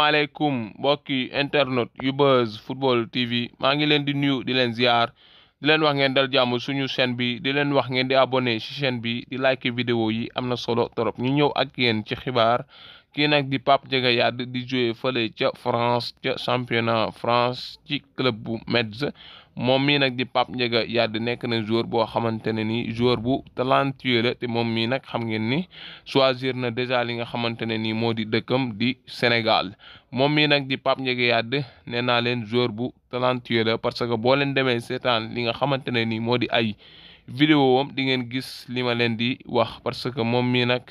maaleykum mbokki internet yu Buzz Football TV maa ngi leen di nuyu di leen ziar di leen wax ngeen dal jàmm suñu chaîne bi di leen wax ngeen di abonné ci chaîne bi di like vidéo yi am na solo torop ñu ñëw ak yéen ci xibaar kii nag di Pape Ndiaga Yade di joué fële ca France ca championnat France ci club bu Metz moom mii nag di Pape Ndiaga Yade nekk na jour boo xamante ne nii joueur bu talentueux te moom mii nag xam ngeen ni choisir na déjà li nga xamante ne nii moo di dëkkam di Sénégal moom mii nag di Pape Ndiaga Yade nee naa leen jour bu talentueux parce que boo leen demee seetaan li nga xamante ne nii moo di ay. vidéo am di ngeen gis li ma leen di wax parce que moom mii nag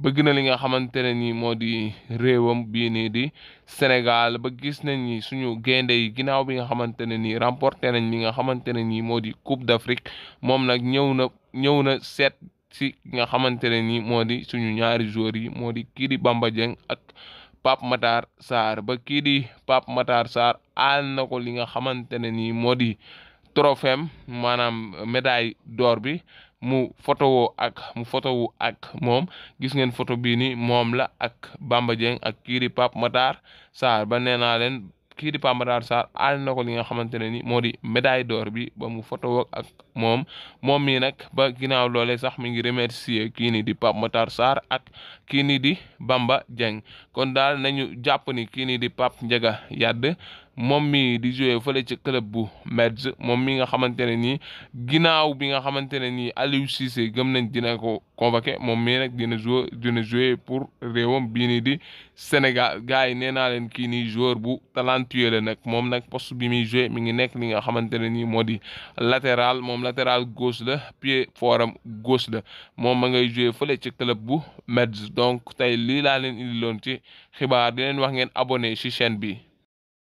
bëgg na li nga xamante ne nii moo di réewam bii nii di Sénégal ba gis nañ ni suñu gaynde yi ginnaaw bi nga xamante ne nii remporté nañ li nga xamante ne nii moo di Coupe d'Afrique moom nag ñëw na ñëw na seet si nga xamante ne nii moo di suñu ñaari joueurs yi moo di kii di Bamba ak Pape Matar Sarr ba kii di Pape Matar Sarr na ko li nga xamante ne nii moo di. trophéem maanaam médaille d'or bi mu fotowoo ak mu fotowu ak moom gis ngeen photo bii ni moom la ak Bamba Dieng ak kii di Pape Matar Sarr ba nee naa leen kii di Pape Matar Sarr aal na ko li nga xamante ne ni moo di médaille d'or bi ba mu fotowoo ak mom moom mii nag ba ginnaaw loolee sax mi ngi remercier kii ni di Pape Matar Sarr ak kii ni di Bamba Dieng kon daal nañu jàpp ni kii ni di Pape Ndiaga Yade moom mi di joué fële ci club bu Metz moom mi nga xamante ne nii ginnaaw bi nga xamante ne nii Aliou Cissé gëm nañ dina ko convoqué moom mii nag dina joué dina joué pour réewam bii nii di Sénégal gars yi nee naa leen kii nii joueur bu talentueux la nag moom nag post bi mi joué mi ngi nekk li nga xamante ne nii moo di latéral moom latéral gauche la pied fort am la moom ma ngay joué fële ci club bu Metz donc tey lii laa leen indiloon ci xibaar di leen wax ngeen abonné ci chaîne bi.